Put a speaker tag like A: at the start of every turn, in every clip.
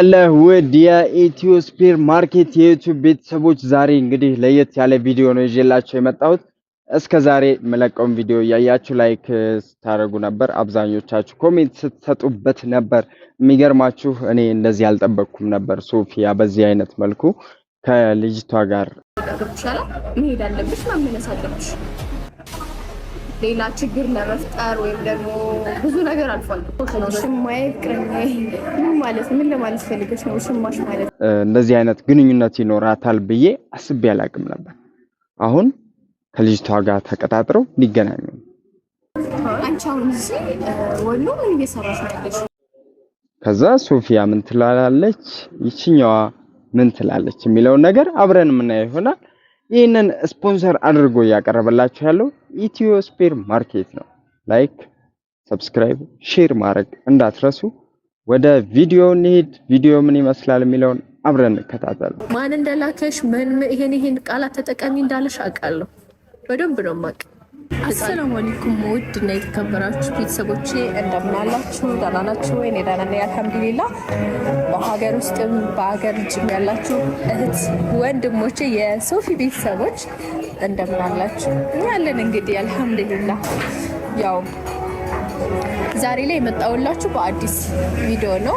A: አለህ ውድ የኢትዮ ሱፐር ማርኬት የዩቲዩብ ቤተሰቦች ዛሬ እንግዲህ ለየት ያለ ቪዲዮ ነው ይዤላችሁ የመጣሁት። እስከ ዛሬ የምለቀውን ቪዲዮ እያያችሁ ላይክ ስታደርጉ ነበር፣ አብዛኞቻችሁ ኮሜንት ስትሰጡበት ነበር። የሚገርማችሁ እኔ እንደዚህ አልጠበቅኩም ነበር። ሶፊያ በዚህ አይነት መልኩ ከልጅቷ ጋር
B: ሌላ ችግር ለመፍጠር ወይም ደግሞ ብዙ ነገር አልፏል። ሽማዬ ፍቅረኛዬ ምን ማለት ምን ለማለት ፈልገች ነው? ሽማሽ ማለት
A: እንደዚህ አይነት ግንኙነት ይኖራታል ብዬ አስቤ አላቅም ነበር። አሁን ከልጅቷ ጋር ተቀጣጥረው ሊገናኙ። አንቺ አሁን ወሎ ምን እየሰራሽ ነው? ከዛ ሶፊያ ምን ትላለች፣ ይችኛዋ ምን ትላለች የሚለውን ነገር አብረን የምናየው ይሆናል። ይህንን ስፖንሰር አድርጎ እያቀረበላችሁ ያለው ኢትዮ ስፔር ማርኬት ነው። ላይክ፣ ሰብስክራይብ፣ ሼር ማድረግ እንዳትረሱ። ወደ ቪዲዮ ንሄድ ቪዲዮ ምን ይመስላል የሚለውን አብረን እንከታተል።
B: ማን እንደላከሽ ምን ይሄን ይሄን ቃላት ተጠቀሚ እንዳለሽ አውቃለሁ። በደንብ ነው የማውቅ አሰላሙ አለይኩም ውድ እና የተከበራችሁ ቤተሰቦቼ እንደምናላችሁ ደህና ናችሁ ወይ? እኔ ደህና ነኝ አልሐምዱሊላህ። በሀገር ውስጥም በሀገር ውጭም ያላችሁ እህት ወንድሞቼ፣ የሶፊ ቤተሰቦች እንደምናላችሁ ያለን እንግዲህ አልሐምዱሊላህ። ያው ዛሬ ላይ የመጣውላችሁ በአዲስ ቪዲዮ ነው።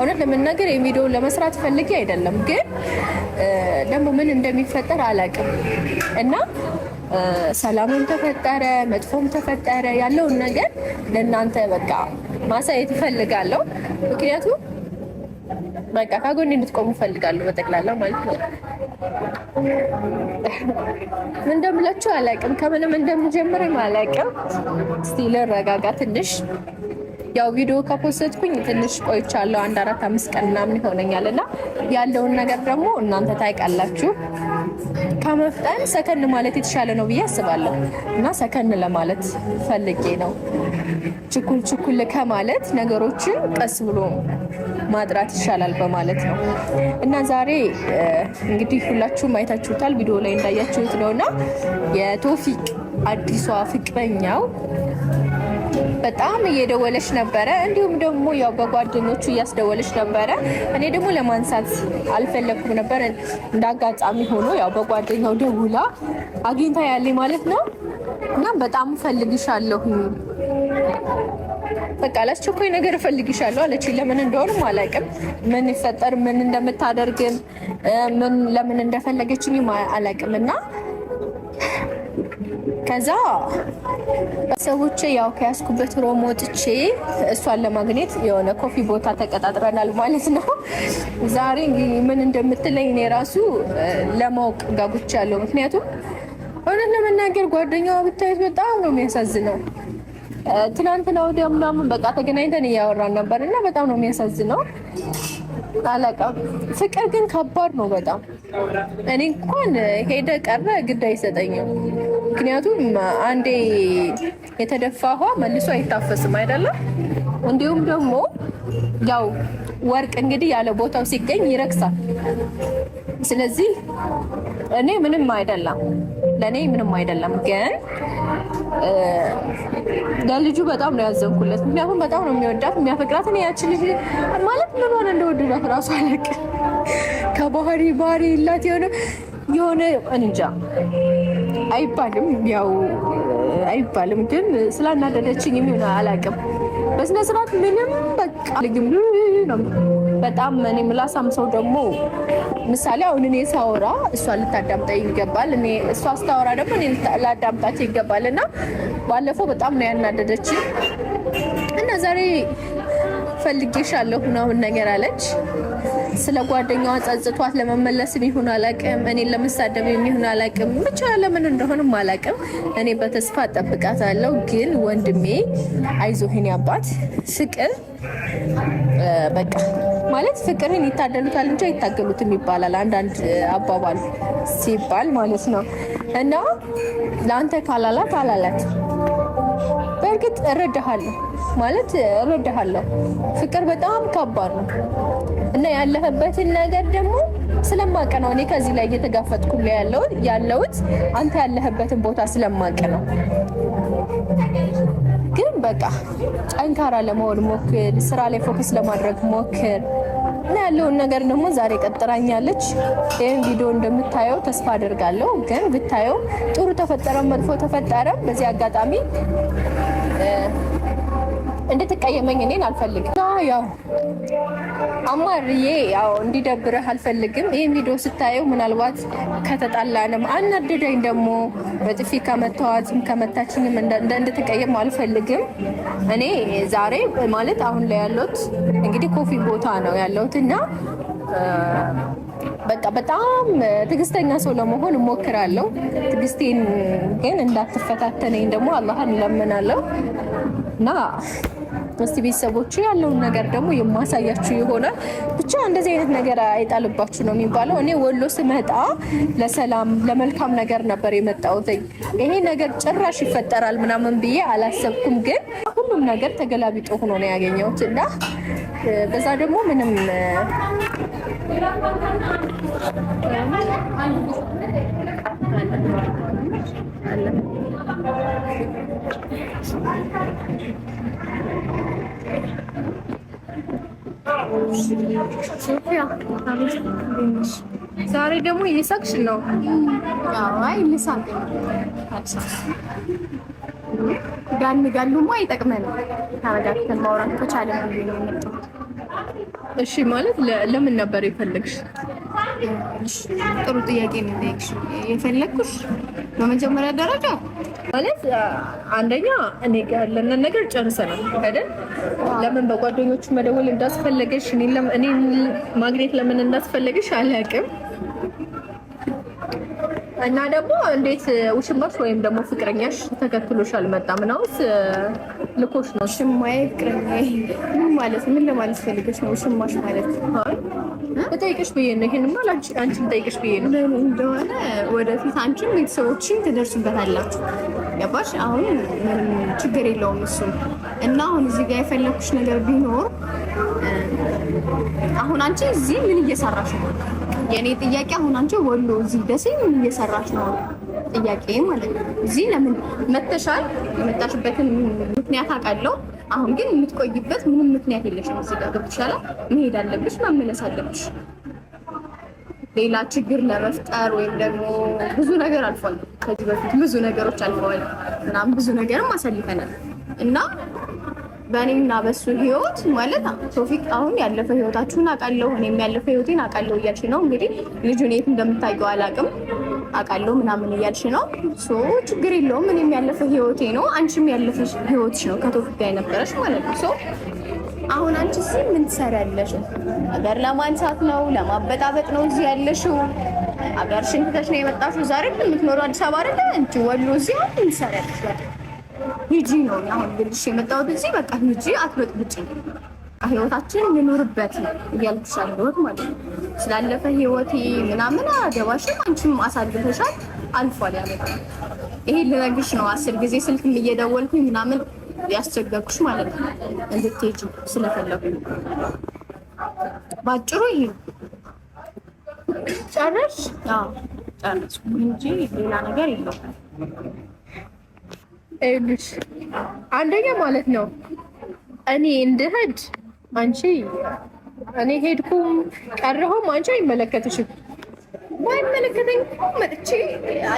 B: እውነት ለመናገር የቪዲዮ ለመስራት ፈልጌ አይደለም፣ ግን ደግሞ ምን እንደሚፈጠር አላውቅም እና ሰላምም ተፈጠረ መጥፎም ተፈጠረ ያለውን ነገር ለእናንተ በቃ ማሳየት እፈልጋለሁ። ምክንያቱም በቃ ከጎን እንድትቆሙ እፈልጋለሁ በጠቅላላ ማለት ነው። እንደምላችሁ አላውቅም፣ ከምንም እንደምጀምርም አላውቅም። እስቲ ልረጋጋ ትንሽ። ያው ቪዲዮ ከፖስትኩኝ ትንሽ ቆይቻለሁ። አንድ አራት አምስት ቀን ምናምን ይሆነኛል እና ያለውን ነገር ደግሞ እናንተ ታይቃላችሁ። ከመፍጠን ሰከን ማለት የተሻለ ነው ብዬ አስባለሁ። እና ሰከን ለማለት ፈልጌ ነው። ችኩል ችኩል ከማለት ነገሮችን ቀስ ብሎ ማጥራት ይሻላል በማለት ነው። እና ዛሬ እንግዲህ ሁላችሁም አይታችሁታል፣ ቪዲዮ ላይ እንዳያችሁት ነው እና የቶፊቅ አዲሷ ፍቅረኛው በጣም እየደወለች ነበረ። እንዲሁም ደግሞ ያው በጓደኞቹ እያስደወለች ነበረ። እኔ ደግሞ ለማንሳት አልፈለኩም ነበር። እንዳጋጣሚ ሆኖ ያው በጓደኛው ደውላ አግኝታ ያለኝ ማለት ነው። እና በጣም እፈልግሻለሁ በቃ ላስቸኳይ ነገር እፈልግሻለሁ አለች። ለምን እንደሆነም አላውቅም። ምን ይፈጠር ምን እንደምታደርግም ምን ለምን እንደፈለገችኝ አላውቅም እና ከዛ ሰዎች ያው ከያዝኩበት ሮም ወጥቼ እሷን ለማግኘት የሆነ ኮፊ ቦታ ተቀጣጥረናል ማለት ነው። ዛሬ ምን እንደምትለኝ እኔ ራሱ ለማወቅ ጋጉቻ ያለው ምክንያቱም እውነት ለመናገር ጓደኛዋ ብታዩት በጣም ነው የሚያሳዝነው። ትናንትና ወዲያ ምናምን በቃ ተገናኝተን እያወራን ነበር እና በጣም ነው የሚያሳዝነው። አላቃ ፍቅር ግን ከባድ ነው በጣም እኔ እንኳን ሄደ ቀረ ግድ አይሰጠኝም። ምክንያቱም አንዴ የተደፋ ውሃ መልሶ አይታፈስም አይደለም። እንዲሁም ደግሞ ያው ወርቅ እንግዲህ ያለ ቦታው ሲገኝ ይረክሳል። ስለዚህ እኔ ምንም አይደለም፣ ለእኔ ምንም አይደለም። ግን ለልጁ በጣም ነው ያዘንኩለት፣ ምክንያቱም በጣም ነው የሚወዳት የሚያፈቅራት። እኔ ያችን ልጅ ማለት ምን ሆነ እንደወደዳት ራሱ አለቅ ከባህሪ ባህሪ ይላት የሆነ የሆነ እንጃ አይባልም፣ ያው አይባልም። ግን ስላናደደችኝ የሚሆነ አላውቅም። በስነ ስርዓት ምንም በቃ ልግም በጣም እኔ ምላሳም ሰው ደግሞ ምሳሌ አሁን እኔ ሳወራ እሷ ልታዳምጣ ይገባል። እኔ እሷ ስታወራ ደግሞ እኔ ላዳምጣት ይገባል። እና ባለፈው በጣም ነው ያናደደችኝ እና ዛሬ ፈልጌሻለሁ ምናምን ነገር አለች። ስለ ጓደኛዋ ጸጽቷት ለመመለስም ይሁን አላቅም፣ እኔ ለመሳደብ ይሁን አላቅም፣ ብቻ ለምን እንደሆንም አላቅም። እኔ በተስፋ ጠብቃታለሁ። ግን ወንድሜ አይዞህን ያባት ፍቅር በቃ ማለት ፍቅርን ይታደሉታል እንጂ አይታገሉትም ይባላል አንዳንድ አባባል ሲባል ማለት ነው። እና ለአንተ ካላላት አላላት። በእርግጥ እረዳሃለሁ ማለት እረዳሃለሁ። ፍቅር በጣም ከባድ ነው። እና ያለህበትን ነገር ደግሞ ስለማቅ ነው እኔ ከዚህ ላይ እየተጋፈጥኩ ያለውት አንተ ያለህበትን ቦታ ስለማቅ ነው። ግን በቃ ጠንካራ ለመሆን ሞክር፣ ስራ ላይ ፎከስ ለማድረግ ሞክር እና ያለውን ነገር ደግሞ ዛሬ ቀጥራኛለች። ይህን ቪዲዮ እንደምታየው ተስፋ አደርጋለሁ። ግን ብታየው ጥሩ ተፈጠረም መጥፎ ተፈጠረም በዚህ አጋጣሚ እንድትቀየመኝ እኔን አልፈልግም። ያው አማርዬ ያው እንዲደብረህ አልፈልግም። ይህን ቪዲዮ ስታየው ምናልባት ከተጣላንም አናደዳኝ ደግሞ በጥፊ ከመታዋትም ከመታችንም እንድትቀየም አልፈልግም። እኔ ዛሬ ማለት አሁን ላይ ያለሁት እንግዲህ ኮፊ ቦታ ነው ያለሁት እና በቃ በጣም ትዕግስተኛ ሰው ለመሆን እሞክራለሁ። ትዕግስቴን ግን እንዳትፈታተነኝ ደግሞ አላህን እለምናለሁ እና እስቲ ቤተሰቦቹ ያለውን ነገር ደግሞ የማሳያችሁ ይሆናል። ብቻ እንደዚህ አይነት ነገር አይጣልባችሁ ነው የሚባለው። እኔ ወሎ ስመጣ ለሰላም ለመልካም ነገር ነበር የመጣሁት። ይሄ ነገር ጭራሽ ይፈጠራል ምናምን ብዬ አላሰብኩም፣ ግን ሁሉም ነገር ተገላቢጦ ሆኖ ነው ያገኘሁት እና በዛ ደግሞ ምንም ዛሬ ደግሞ እየሳቅሽ ነው? አይ ልሳቅ ጋን ጋሉማ አይጠቅመንም። ተረጋግተን ማውራት ከቻለ ነው። እሺ ማለት ለምን ነበር የፈለግሽ? ጥሩ ጥያቄ ነው የጠየቅሽው። የፈለግኩሽ በመጀመሪያ ደረጃ ማለት አንደኛ እኔ ጋር ያለንን ነገር ጨርሰናል አይደል? ለምን በጓደኞቹ መደወል እንዳስፈለገሽ እኔ ማግኘት ለምን እንዳስፈለገሽ አላውቅም። እና ደግሞ እንዴት ውሽማሽ ወይም ደግሞ ፍቅረኛሽ ተከትሎሽ አልመጣም? ነውስ ልኮሽ ነው? ውሽማዬ ፍቅረኛዬ ምን ማለት ምን ለማለት ፈልገሽ ነው? ውሽማሽ ማለት እጠይቅሽ ብዬ ነው። ማ አንቺን እጠይቅሽ ብዬ ነው። ለምን እንደሆነ ወደፊት አንቺም ቤተሰቦችን ትደርሱበታላችሁ። ገባሽ? አሁን ምንም ችግር የለውም እሱም እና አሁን እዚህ ጋር የፈለኩሽ ነገር ቢኖር አሁን አንቺ እዚህ ምን እየሰራሽ ነው? የእኔ ጥያቄ አሁን አንቺ ወሎ እዚህ ደሴ ምን እየሰራሽ ነው? ጥያቄ ማለት ነው። እዚህ ለምን መተሻል? የመጣሽበትን ምክንያት አውቃለሁ። አሁን ግን የምትቆይበት ምንም ምክንያት የለሽም። እዚህ ጋር ገብቶሻል። መሄድ አለብሽ፣ መመለስ አለብሽ። ሌላ ችግር ለመፍጠር ወይም ደግሞ ብዙ ነገር አልፏል። ከዚህ በፊት ብዙ ነገሮች አልፈዋል። እናም ብዙ ነገርም አሳልፈናል እና በእኔና በሱ ህይወት ማለት ቶፊቅ አሁን ያለፈ ህይወታችሁን አውቃለሁ፣ እኔም ያለፈው ህይወቴን አውቃለሁ እያልሽ ነው። እንግዲህ ልጁን የት እንደምታውቂው አላውቅም፣ አውቃለሁ ምናምን እያልሽ ነው። ችግር የለውም። እኔም ያለፈ ህይወቴ ነው፣ አንቺም ያለፈ ህይወትሽ ነው፣ ከቶፊቅ ጋር የነበረች ማለት ነው። አሁን አንቺ ሲ ምን ትሰሪያለሽ? ነገር ለማንሳት ነው ለማበጣበጥ ነው እዚህ ያለሽው? አገርሽን ትተሽ ነው የመጣሽው። ዛሬ ግን አዲስ አበባ አይደለ? ወሎ እዚህ ምን ትሰሪያለሽ? ሂጂ ነው አሁን ልልሽ የመጣሁት እንጂ በቃ ሂጂ አትበጥብጪ፣ ህይወታችን እንኑርበት እያልኩሽ አለሁት ማለት ነው። ስላለፈ ህይወቴ ምናምን አገባሽም፣ አንቺም አሳልፈሻል፣ አልፏል። ያመጣ ይሄ ልነግርሽ ነው። አስር ጊዜ ስልክ እየደወልኩኝ ምናምን ያስቸገርኩሽ ማለት ነው እንድትሄጂ ስለፈለጉኝ ባጭሩ ይሄ ጨረሽ ጨረስ እንጂ ሌላ ነገር የለው። ይኸውልሽ አንደኛ ማለት ነው እኔ እንድሄድ አንቺ እኔ ሄድኩም ቀረሁም አንቺ አይመለከትሽም። ባይመለከተኝ መጥቼ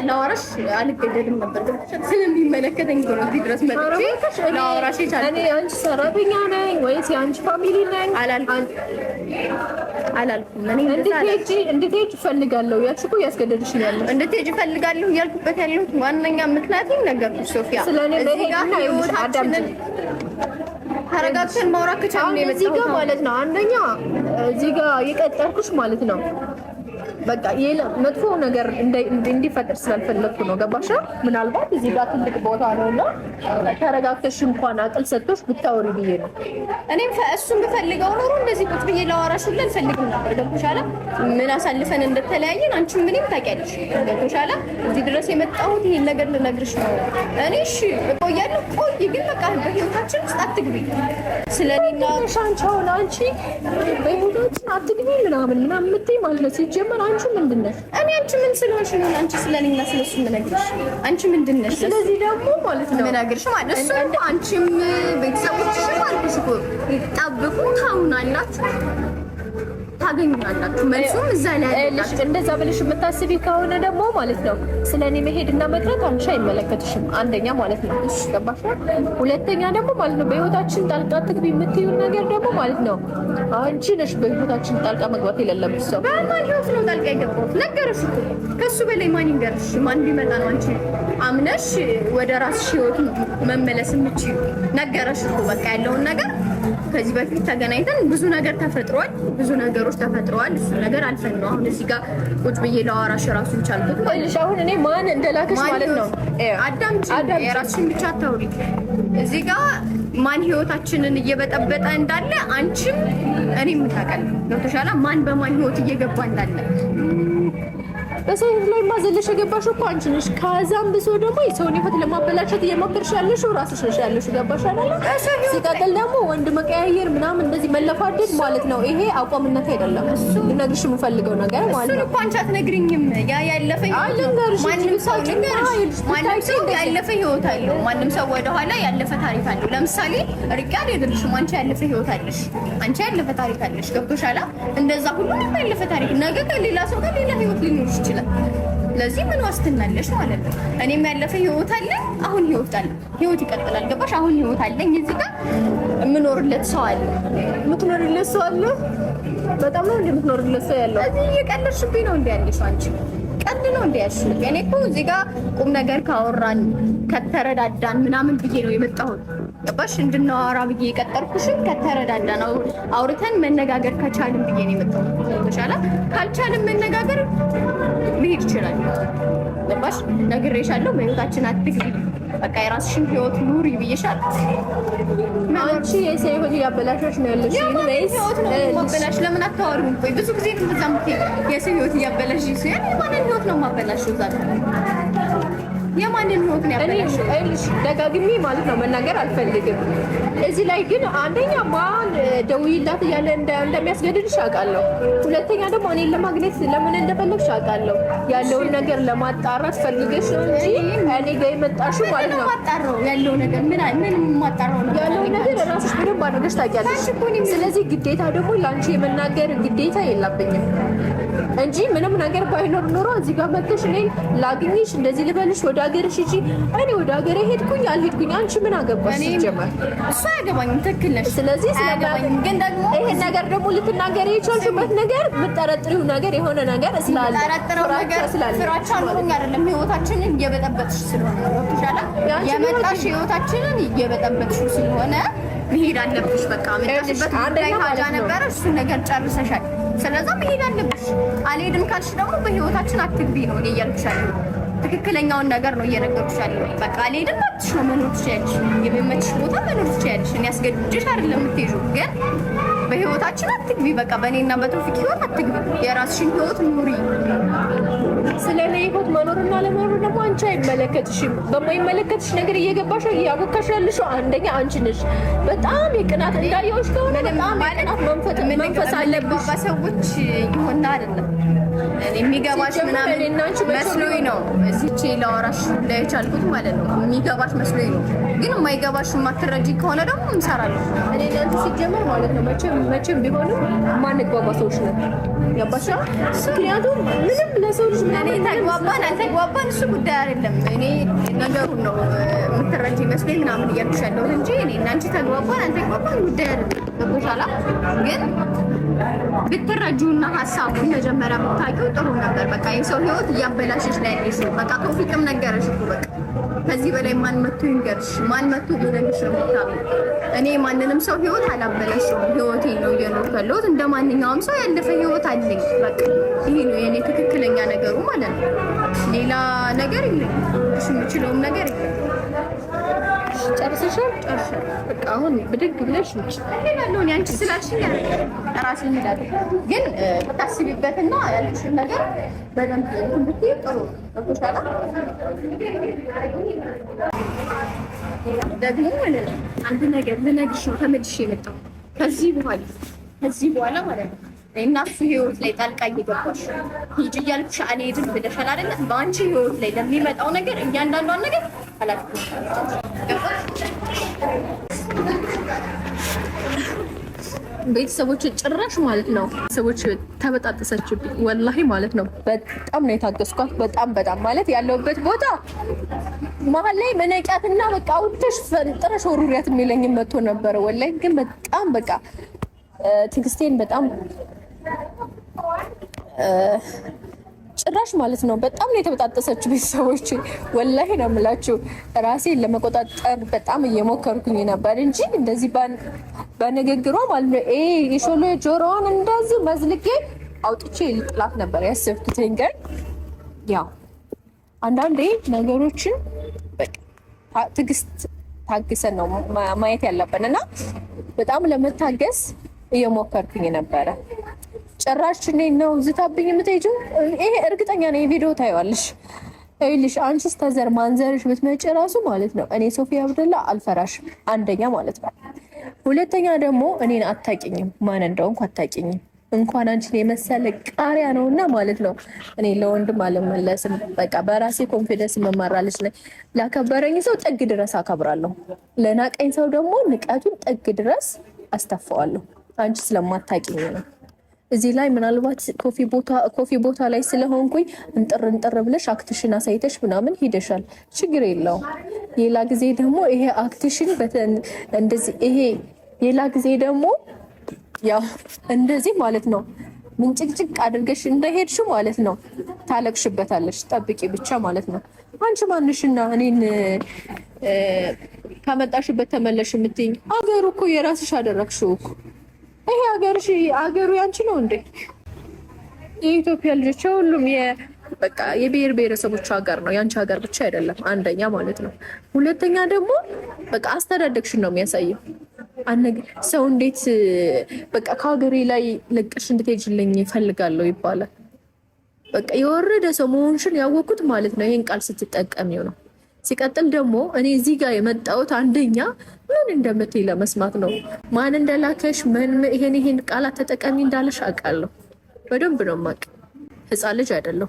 B: ላወራሽ አልገደድም ነበር። ስለሚመለከተኝ እዚህ ድረስ መጥቼ ላወራሽ ይቻላል። እኔ አንቺ ሰራተኛ ነኝ ወይስ የአንቺ ፋሚሊ ነኝ አላልኩም። አላልኩም። እኔ እንድትሄጂ እፈልጋለሁ ያልሽ እኮ እያስገደድሽ ነው ያለሽ። እንድትሄጂ እፈልጋለሁ እያልኩበት ያለሁት ዋነኛ ምክንያት ነገርኩሽ ሶፊያ። ተረጋግተን ማውራት ከቻልን እዚህ ጋር ማለት ነው። አንደኛ እዚህ ጋር የቀጠርኩሽ ማለት ነው በቃ መጥፎ ነገር እንዲፈጥር ስላልፈለግኩ ነው። ገባሽ? ምናልባት እዚህ ጋር ትልቅ ቦታ ነው እና ተረጋግተሽ እንኳን አቅል ሰጥቶሽ ብታወሪ ብዬ ነው። እኔም እሱን ብፈልገው ኖሮ እንደዚህ ቁጭ ብዬ ላወራሽ ሁሉ አልፈልግም ነበር። ገብቶሻል? ምን አሳልፈን እንደተለያየን አንቺም ምንም ታውቂያለሽ። ገብቶሻል? እዚህ ድረስ የመጣሁት ይሄን ነገር ልነግርሽ ነው። እኔ እሺ እቆያለሁ። ቆይ ግን በቃ በህይወታችን ውስጥ አትግቢ። ስለኔና አንቺ አሁን አንቺ በህይወታችን አትግቢ ምናምን ምናምን የምትይ ማለት ነው ሲጀመር አንቺ ምንድን ነሽ? እኔ አንቺ ምን ስለሆንሽ ነው አንቺ ስለኔና ስለሱ የምነግርሽ? አንቺ ምንድን ነሽ? ስለዚህ ደግሞ ማለት ነው የምነግርሽ ማለት እሱ አንቺም ቤተሰቦችሽም አልኩሽ እኮ ጠብቁ ታውናላት ታገኙላችሁ። መልሱም እዛ ላይ ያለሽ። እንደዛ ብለሽ የምታስቢ ከሆነ ደግሞ ማለት ነው ስለ እኔ መሄድ እና መቅረት አንቺ አይመለከትሽም። አንደኛ ማለት ነው እሺ ገባሽ። ሁለተኛ ደግሞ ማለት ነው በህይወታችን ጣልቃ ትግቢ የምትዩ ነገር ደግሞ ማለት ነው አንቺ ነሽ በህይወታችን ጣልቃ መግባት የሌለብሽ ሰው። በማን ህይወት ነው ጣልቃ የገባሁት? ነገርሽ እኮ ከሱ በላይ ማን ይንገርሽ? ማን ቢመጣ ነው አንቺ አምነሽ ወደ ራስሽ ህይወት መመለስ የምችይው? ነገርሽ እኮ በቃ ያለውን ነገር ከዚህ በፊት ተገናኝተን ብዙ ነገር ተፈጥሯል፣ ብዙ ነገሮች ተፈጥረዋል። እሱ ነገር አልፈን ነው አሁን እዚህ ጋር ቁጭ ብዬ ላወራሽ ራሱ ይቻልኩት። አሁን እኔ ማን እንደላከሽ ማለት ነው። አዳም የራስሽን ብቻ አታውሪ። እዚህ ጋር ማን ህይወታችንን እየበጠበጠ እንዳለ አንቺም እኔ የምታውቀል ነው። ተሻላ ማን በማን ህይወት እየገባ እንዳለ በሰው ህይወት ላይ ማዘለሽ የገባሽው እኮ አንቺ ነሽ። ከዛም ብሶ ደግሞ የሰውን ህይወት ለማበላሸት እየሞከርሽ ያለሽው ራስሽ ነሽ ያለሽው። ገባሽ አይደለ? ሲቀጥል ደግሞ ወንድ መቀያየር ምናምን እንደዚህ መለፋደድ ማለት ነው። ይሄ አቋምነት አይደለም። ልነግርሽ የምፈልገው ነገር ማለት ነው እኮ አንቺ አትነግሪኝም። ያ ያለፈ ያለፈ ህይወት አለው። ማንም ሰው ወደኋላ ያለፈ ታሪክ አለው። ለምሳሌ ርቅ አይደለሽም። አንቺ ያለፈ ህይወት አለሽ። አንቺ ያለፈ ታሪክ አለሽ። ገብቶሻል። እንደዛ ሁሉ ያለፈ ታሪክ ነገ ከሌላ ሰው ከሌላ ህይወት ሊኖር ይችላል። ይችላል። ለዚህ ምን ዋስትና አለሽ ማለት ነው። እኔም ያለፈ ህይወት አለ፣ አሁን ህይወት አለ፣ ህይወት ይቀጥላል። ገባሽ? አሁን ህይወት አለኝ፣ እዚህ ጋር የምኖርለት ሰው አለ፣ የምትኖርለት ሰው አለ። በጣም ነው እንደምትኖርለት ሰው ያለው። እዚህ እየቀለድሽብኝ ነው እንዴ ያለሽው አንቺ ቀልድ ነው እንዴ ያልሽው። እኔ እኮ እዚህ ጋር ቁም ነገር ካወራን ከተረዳዳን ምናምን ብዬ ነው የመጣሁት። ገባሽ እንድናወራ ብዬ የቀጠርኩሽን ነው አውርተን መነጋገር ከቻልን ብዬ ነው የመጣው። ተሻላ ካልቻልን መነጋገር መሄድ ይችላል። ገባሽ ነግሬሻለሁ። በህይወታችን አትግቢ፣ በቃ የራስሽን ህይወት ኑሪ ብዬሻል። አንቺ የሰው ህይወት እያበላሻች ነው ያለሽ። ህይወት ነው ማበላሽ። ለምን አታወሪም? ቆይ ብዙ ጊዜ ነው የሰው ህይወት እያበላሽ ሲሆን ማንን ህይወት ነው ማበላሽ ዛል የማንን ሞት ነው ያበላሽ? ደጋግሜ ማለት ነው መናገር አልፈልግም። እዚህ ላይ ግን አንደኛ ማን ደውይላት እያለ እንደሚያስገድድሽ አውቃለሁ። ሁለተኛ ደግሞ እኔን ለማግኘት ለምን እንደፈለግሽ አውቃለሁ። ያለውን ነገር ለማጣራት ፈልገሽ ነው እንጂ እኔ ጋር የመጣሽው ማለት ነው። ያለው ነገር ምን ምን ማጣራው ነው ያለው ነገር ራስሽ ምንም አድርገሽ ታውቂያለሽ። ስለዚህ ግዴታ ደግሞ ለአንቺ የመናገር ግዴታ የላብኝም። እንጂ ምንም ነገር ባይኖር ኖሮ እዚህ ጋር መጥተሽ እኔን ላግኝሽ እንደዚህ ልበልሽ ወደ ሀገርሽ ሂጂ። እኔ ወደ ሀገሬ ሄድኩኝ አልሄድኩኝ አንቺ ምን አገባሽ? ሲጀመር እሱ አያገባኝም። ትክክል ነሽ። ስለዚህ ግን ደግሞ ይሄን ነገር ደግሞ ልትናገር የቻልሽበት ነገር የምጠረጥሪው ነገር የሆነ ነገር ስላለ ፍራቻ ኑሮኝ አይደለም ህይወታችንን እየበጠበጥሽ ስለሆነ ይሻላል የመጣሽ ህይወታችንን እየበጠበጥሽ ስለሆነ መሄድ አለብሽ። በቃ መጣሽበት ጉዳይ ሀጃ ነበረ እሱን ነገር ጨርሰሻል። ስለዛ መሄድ አለብሽ። አልሄድም ካልሽ ደግሞ በህይወታችን አትግቢ ነው እኔ እያልኩሽ ያለው። ትክክለኛውን ነገር ነው እየነገርኩሽ ያለው። በቃ አልሄድም መብትሽ ነው፣ መኖር ትችያለሽ። የሚመችሽ ቦታ መኖር ትችያለሽ። እኔ አስገድጄሽ አይደለም የምትሄጂው ግን በህይወታችን አትግቢ። በቃ በእኔና በትሮፊክ ህይወት አትግቢ። የራስሽን ህይወት ኑሪ። ስለ እኔ ህይወት መኖርና ለመኖር ደግሞ አንቺ አይመለከትሽም። በማይመለከትሽ ነገር እየገባሽ እያቦካሽ ያለሽው አንደኛ አንቺ ነሽ። በጣም የቅናት እንዳየሁሽ ከሆነ በጣም የቅናት መንፈስ አለብሽ። በሰዎች ይሆና አይደለም የሚገባሽ ምናምን መስሎኝ ነው እዚቼ ላወራሽ ላይቻልኩት ማለት ነው። የሚገባሽ መስሎኝ ነው፣ ግን የማይገባሽ የማትረጂ ከሆነ ደግሞ እንሰራለን። እኔ እናንተ ሲጀመር ማለት ነው መቼም ቢሆንም ማንግባባ ሰዎች ነው ገባሻ? ምክንያቱም ምንም ለሰው ልጅ እኔ ተግባባን አልተግባባን እሱ ጉዳይ አይደለም። እኔ ነገሩን ነው የምትረጂ መስሎኝ ምናምን እያልኩሽ ያለሁት እንጂ እኔ እናንቺ ተግባባን አልተግባባን ጉዳይ አይደለም። ገብቶሻል። ግን ብትረጁና ሀሳቡ መጀመሪያ ብታውቂው ጥሩ ነበር። በቃ የሰው ህይወት እያበላሸች ላይ ያለሽ በቃ ቶፊቅም ነገረሽ እኮ በቃ ከዚህ በላይ ማን መቶ ይንገርሽ? ማን መቶ ቢነግርሽ ነው የምታውቂው? እኔ ማንንም ሰው ህይወት አላበላሽም። ህይወቴ ነው እየኖርኩ ያለሁት። እንደ ማንኛውም ሰው ያለፈ ህይወት አለኝ። በቃ ይሄ ነው የእኔ ትክክለኛ ነገሩ ማለት ነው። ሌላ ነገር የለም፣ እሱ የምችለውም ነገር የለም። ጨርሰሻል? ጨርሻል። በቃ አሁን ብድግ ብለሽ ውጭ ያለውን ያንቺ ስላልሽኝ ራሴ ሄዳለ። ግን ታስቢበትና ያልሽን ነገር በደንብ ጥሩ ደግሞ አንድ ነገር ልነግርሽ ነው ተመልሼ የመጣሁ ከዚህ በኋላ ከዚህ በኋላ ማለት ነው እና እሱ ህይወት ላይ ጣልቃ እየገባሽ ሂጂ እያልኩሽ አልሄድም ብለሻል አይደለ? በአንቺ ህይወት ላይ ለሚመጣው ነገር እያንዳንዷን ነገር አላፊ ቤተሰቦች ጭራሽ ማለት ነው ሰዎች ተበጣጠሰችብኝ። ወላሂ ማለት ነው በጣም ነው የታገስኳት። በጣም በጣም ማለት ያለውበት ቦታ መሀል ላይ መነቂያትና በቃ አውጥተሽ ፈንጥረሽ ወሩሪያት የሚለኝ መጥቶ ነበረ። ወላይ ግን በጣም በቃ ትግስቴን በጣም ጭራሽ ማለት ነው። በጣም ነው የተበጣጠሰችው። ቤተሰቦች ወላሂ ነው የምላችሁ፣ ራሴን ለመቆጣጠር በጣም እየሞከርኩኝ ነበር እንጂ እንደዚህ በንግግሯ ማለት ነው የሾሎ ጆሮዋን እንደዚህ መዝልጌ አውጥቼ ልጥላት ነበር ያሰብኩትኝ። ግን ያው አንዳንዴ ነገሮችን ትግስት ታግሰን ነው ማየት ያለብን እና በጣም ለመታገስ እየሞከርኩኝ ነበረ። ጭራሽ እኔ ነው ዝታብኝ የምትሄጂው? ይሄ እርግጠኛ ነው። የቪዲዮ ታይዋለሽ። ይኸውልሽ አንቺስ ተዘር ማንዘርሽ ብትመጪ ራሱ ማለት ነው እኔ ሶፊያ አብደላ አልፈራሽም። አንደኛ ማለት ነው። ሁለተኛ ደግሞ እኔን አታቂኝም፣ ማን እንደሆንኩ አታቂኝም። እንኳን አንቺን የመሰለ ቃሪያ ነው እና ማለት ነው እኔ ለወንድም አልመለስም። በቃ በራሴ ኮንፊደንስ መማራለች። ነ ላከበረኝ ሰው ጥግ ድረስ አከብራለሁ፣ ለናቀኝ ሰው ደግሞ ንቀቱን ጥግ ድረስ አስተፋዋለሁ። አንቺ ስለማታቂኝ ነው። እዚህ ላይ ምናልባት ኮፊ ቦታ ላይ ስለሆንኩኝ እንጥር እንጥር ብለሽ አክትሽን አሳይተሽ ምናምን ሂደሻል፣ ችግር የለውም። ሌላ ጊዜ ደግሞ ይሄ አክትሽን እንደዚህ ይሄ ሌላ ጊዜ ደግሞ ያው እንደዚህ ማለት ነው ምንጭቅጭቅ አድርገሽ እንደሄድሽ ማለት ነው ታለቅሽበታለሽ። ጠብቂ ብቻ ማለት ነው። አንቺ ማንሽና እኔን ከመጣሽበት ተመለሽ የምትይኝ? አገሩ እኮ የራስሽ አደረግሽው እኮ ይሄ ሀገር አገሩ ያንቺ ነው እንዴ? የኢትዮጵያ ልጆች ሁሉም በቃ የብሔር ብሔረሰቦች ሀገር ነው። ያንቺ ሀገር ብቻ አይደለም። አንደኛ ማለት ነው። ሁለተኛ ደግሞ በቃ አስተዳደግሽን ነው የሚያሳየው። ሰው እንዴት በቃ ከሀገሬ ላይ ለቅሽ እንድትሄጂልኝ ይፈልጋለሁ ይባላል። በቃ የወረደ ሰው መሆንሽን ያወቅኩት ማለት ነው ይህን ቃል ስትጠቀሚው ነው። ሲቀጥል ደግሞ እኔ እዚህ ጋር የመጣሁት አንደኛ ምን እንደምትይ ለመስማት ነው። ማን እንደላከሽ ምን ይሄን ይሄን ቃላት ተጠቀሚ እንዳለሽ አውቃለሁ። በደንብ ነው የማውቅ። ህፃን ልጅ አይደለሁ።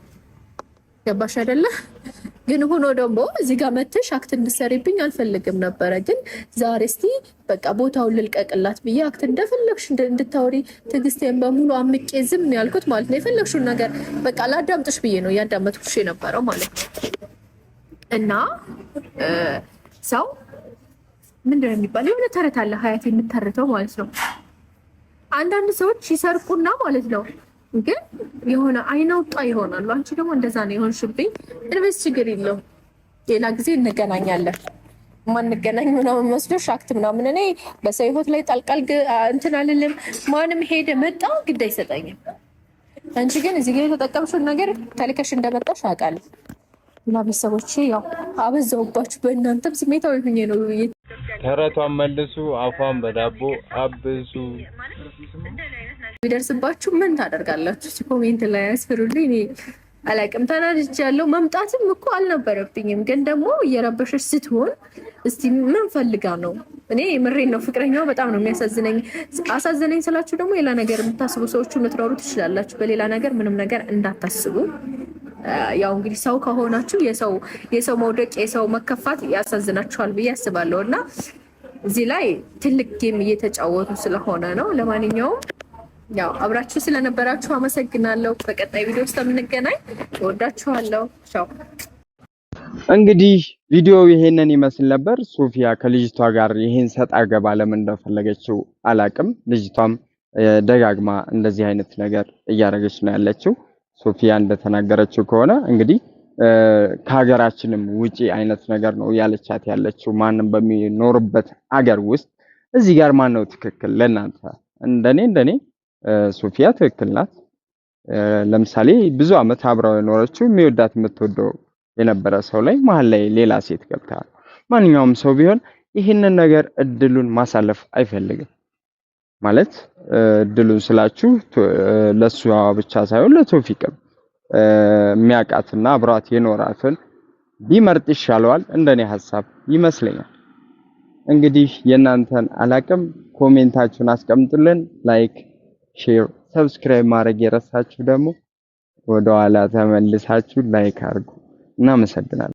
B: ገባሽ አይደለ? ግን ሆኖ ደግሞ እዚህ ጋር መተሽ አክት እንድሰሪብኝ አልፈልግም ነበረ። ግን ዛሬ እስቲ በቃ ቦታውን ልልቀቅላት ብዬ አክት እንደፈለግሽ እንድታወሪ ትዕግስቴን በሙሉ አምቄ ዝም ያልኩት ማለት ነው። የፈለግሽውን ነገር በቃ ላዳምጥሽ ብዬ ነው እያዳመጥኩሽ የነበረው ማለት ነው። እና ሰው ምንድን ነው የሚባለው የሆነ ተረት አለ ሀያት የምተርተው ማለት ነው። አንዳንድ ሰዎች ይሰርቁና ማለት ነው ግን የሆነ አይናውጣ ይሆናሉ። አንቺ ደግሞ እንደዛ ነው የሆንሽብኝ። እንበስ ችግር የለው ሌላ ጊዜ እንገናኛለን። ማንገናኝ ምናምን መስሎሽ አክት ምናምን እኔ በሰው ህይወት ላይ ጣልቃል እንትን አልልም። ማንም ሄደ መጣ ግድ አይሰጠኝም። አንቺ ግን እዚህ ጋር የተጠቀምሽውን ነገር ተልከሽ እንደመጣሽ አውቃለሁ። እና ያው አበዛውባችሁ፣ በእናንተም ስሜታዊ ሁኜ ነው። ተረቷን መልሱ፣ አፏን በዳቦ አብሱ። ቢደርስባችሁ ምን ታደርጋላችሁ? ኮሜንት ላይ ያስፍሩልኝ። አላቅም ተናድጅ ያለው መምጣትም እኮ አልነበረብኝም። ግን ደግሞ እየረበሸች ስትሆን እስቲ ምን ፈልጋ ነው? እኔ ምሬን ነው ፍቅረኛዋ በጣም ነው የሚያሳዝነኝ። አሳዝነኝ ስላችሁ ደግሞ ሌላ ነገር የምታስቡ ሰዎቹ ልትኖሩ ትችላላችሁ። በሌላ ነገር ምንም ነገር እንዳታስቡ። ያው እንግዲህ ሰው ከሆናችሁ የሰው መውደቅ፣ የሰው መከፋት ያሳዝናችኋል ብዬ አስባለሁ እና እዚህ ላይ ትልቅ ጌም እየተጫወቱ ስለሆነ ነው። ለማንኛውም ያው አብራችሁ ስለነበራችሁ አመሰግናለሁ። በቀጣይ ቪዲዮ ውስጥ እወዳችኋለሁ። ቻው። እንግዲህ ቪዲዮ ይሄንን ይመስል ነበር። ሶፊያ ከልጅቷ ጋር ይሄን ሰጣ ገባ ለምን እንደፈለገችው አላቅም። ልጅቷም ደጋግማ እንደዚህ አይነት ነገር እያደረገች ነው ያለችው። ሶፊያ እንደተናገረችው ከሆነ እንግዲህ ከሀገራችንም ውጪ አይነት ነገር ነው ያለቻት ያለችው። ማንም በሚኖርበት አገር ውስጥ እዚህ ጋር ማን ነው ትክክል? ለእናንተ እንደኔ እንደኔ ሶፊያ ትክክል ናት። ለምሳሌ ብዙ አመት አብረው የኖረችው የሚወዳት የምትወደው የነበረ ሰው ላይ መሀል ላይ ሌላ ሴት ገብታ ማንኛውም ሰው ቢሆን ይህንን ነገር እድሉን ማሳለፍ አይፈልግም። ማለት እድሉን ስላችሁ ለእሷ ብቻ ሳይሆን ለቶፊቅም የሚያውቃትና አብሯት የኖራትን ቢመርጥ ይሻለዋል፣ እንደኔ ሀሳብ ይመስለኛል። እንግዲህ የእናንተን አላቅም። ኮሜንታችሁን አስቀምጡልን። ላይክ ሼር፣ ሰብስክራይብ ማድረግ የረሳችሁ ደግሞ ወደኋላ ተመልሳችሁ ላይክ አድርጉ። እናመሰግናለን።